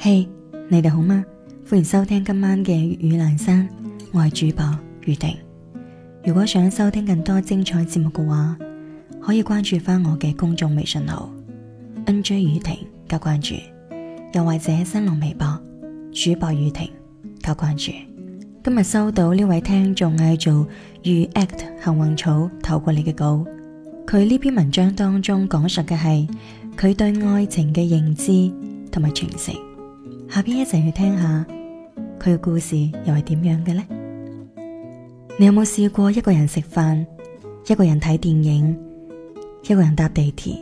嘿，hey, 你哋好嗎？歡迎收聽今晚嘅粵語欄山，我係主播雨婷。如果想收聽更多精彩節目嘅話，可以關注翻我嘅公眾微信號 nj 雨婷加關注，又或者新浪微博主播雨婷加關注。今日收到呢位聽眾嗌做遇 act 幸運草投過你嘅稿，佢呢篇文章當中講述嘅係佢對愛情嘅認知同埋詮釋。」下邊一齊去聽下佢嘅故事又係點樣嘅呢？你有冇試過一個人食飯，一個人睇電影，一個人搭地鐵，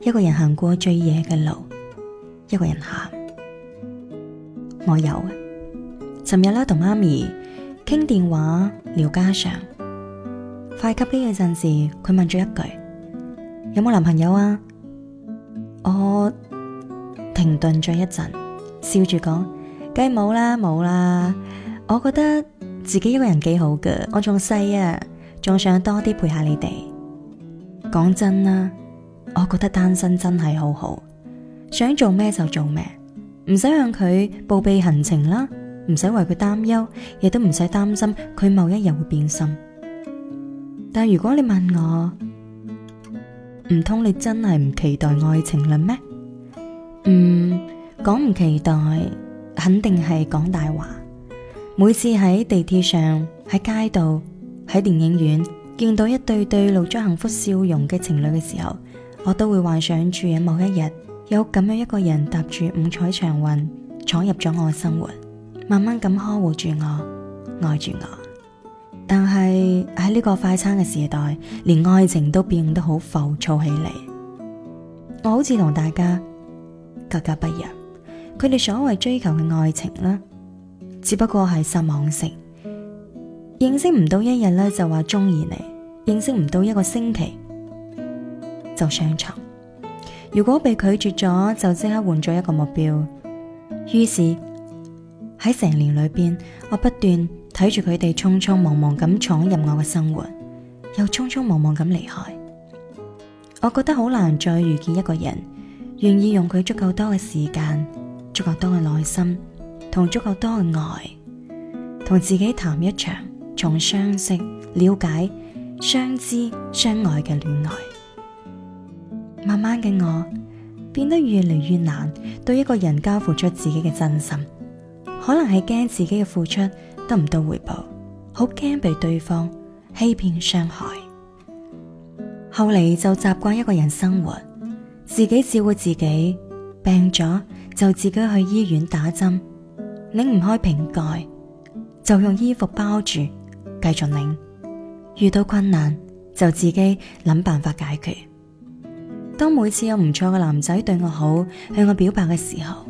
一個人行過最夜嘅路，一個人喊？我有。尋日啦，同媽咪傾電話聊家常，快結束嘅陣時，佢問咗一句，有冇男朋友啊？我停頓咗一陣。笑住講：梗係冇啦，冇啦！我覺得自己一個人幾好噶，我仲細啊，仲想多啲陪下你哋。講真啦，我覺得單身真係好好，想做咩就做咩，唔使向佢報備行程啦，唔使為佢擔憂，亦都唔使擔心佢某一日會變心。但如果你問我，唔通你真係唔期待愛情嘞咩？嗯。講唔期待，肯定係講大話。每次喺地鐵上、喺街道、喺電影院見到一對對露出幸福笑容嘅情侶嘅時候，我都會幻想住喺某一日有咁樣一個人踏住五彩祥雲闖入咗我嘅生活，慢慢咁呵護住我、愛住我。但係喺呢個快餐嘅時代，連愛情都變得好浮躁起嚟。我好似同大家格格不入。佢哋所謂追求嘅愛情咧，只不過係撒網式認識唔到一日咧，就話中意你；認識唔到一個星期就上床。如果被拒絕咗，就即刻換咗一個目標。於是喺成年裏邊，我不斷睇住佢哋匆匆忙忙咁闖入我嘅生活，又匆匆忙忙咁離開。我覺得好難再遇見一個人願意用佢足夠多嘅時間。足夠多嘅耐心，同足夠多嘅愛，同自己談一場從相識、了解、相知、相愛嘅戀愛。慢慢嘅我變得越嚟越難對一個人交付出自己嘅真心，可能係驚自己嘅付出得唔到回報，好驚被對方欺騙傷害。後嚟就習慣一個人生活，自己照顧自己。病咗就自己去醫院打針，擰唔開瓶蓋就用衣服包住繼續擰。遇到困難就自己諗辦法解決。當每次有唔錯嘅男仔對我好，向我表白嘅時候，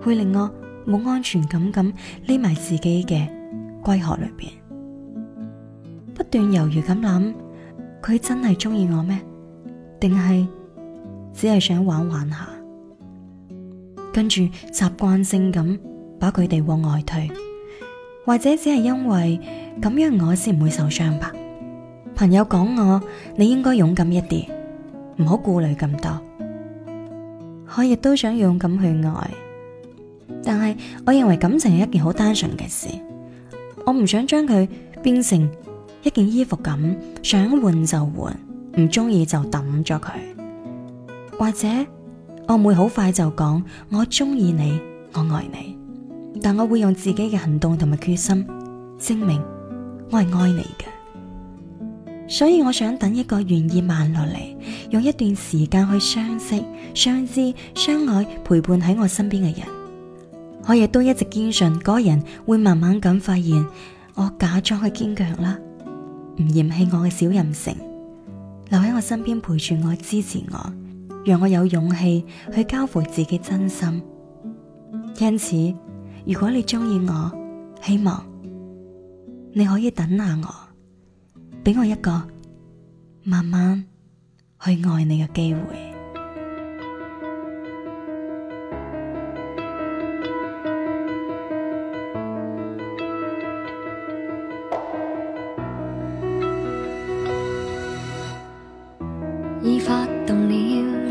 會令我冇安全感咁匿埋自己嘅龜殼裏邊，不斷猶豫咁諗：佢真係中意我咩？定係只係想玩玩下？跟住習慣性咁把佢哋往外推，或者只係因為咁樣我先唔會受傷吧？朋友講我，你應該勇敢一啲，唔好顧慮咁多。我亦都想勇敢去愛，但係我認為感情係一件好單純嘅事，我唔想將佢變成一件衣服咁，想換就換，唔中意就抌咗佢，或者。我唔會好快就講我中意你，我愛你，但我會用自己嘅行動同埋決心證明我係愛你嘅。所以我想等一個願意慢落嚟，用一段時間去相識、相知、相愛，陪伴喺我身邊嘅人。我亦都一直堅信嗰個人會慢慢咁發現我假裝嘅堅強啦，唔嫌棄我嘅小任性，留喺我身邊陪住我支持我。讓我有勇氣去交付自己真心，因此如果你中意我，希望你可以等下我，俾我一個慢慢去愛你嘅機會。已 發動了。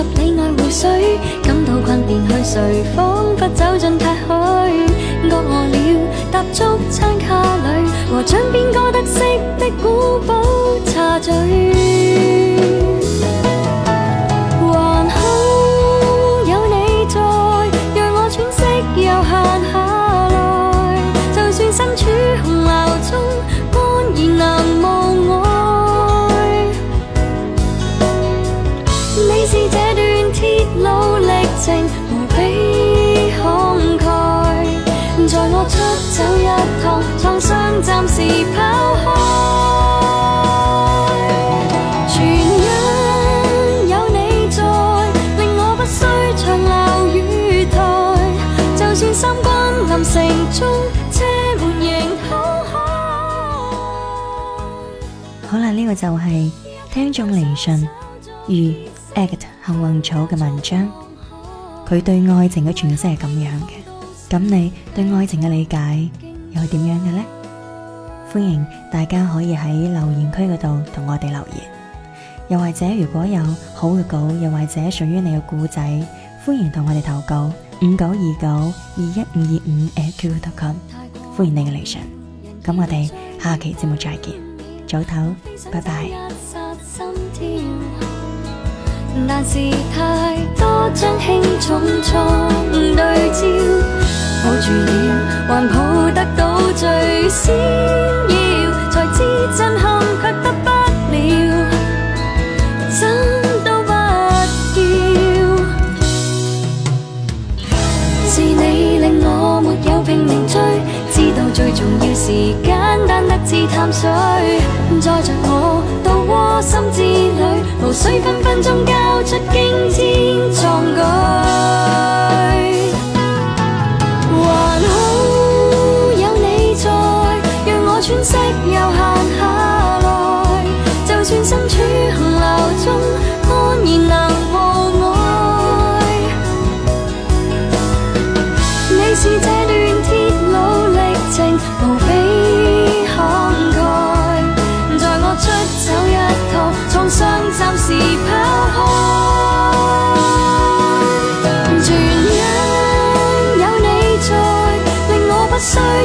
十里外湖水，感到困倦去睡，仿佛走進太虛。餓餓了，踏足餐卡裏，和江邊個得色的古堡茶聚。出走一趟，創傷暫時拋開。全因有你在，令我不需長留於台。就算心關臨城中，車門仍空開。好啦，呢個就係聽眾嚟信，遇@幸運草嘅文章，佢對愛情嘅詮釋係咁樣嘅。咁你對愛情嘅理解又係點樣嘅呢？歡迎大家可以喺留言區嗰度同我哋留言，又或者如果有好嘅稿，又或者屬於你嘅故仔，歡迎同我哋投稿五九二九二一五二五 @QQ.com 歡迎你嘅嚟信。咁我哋下期節目再見，早唞，拜拜。抱住了，還抱得到最閃耀，才知真好。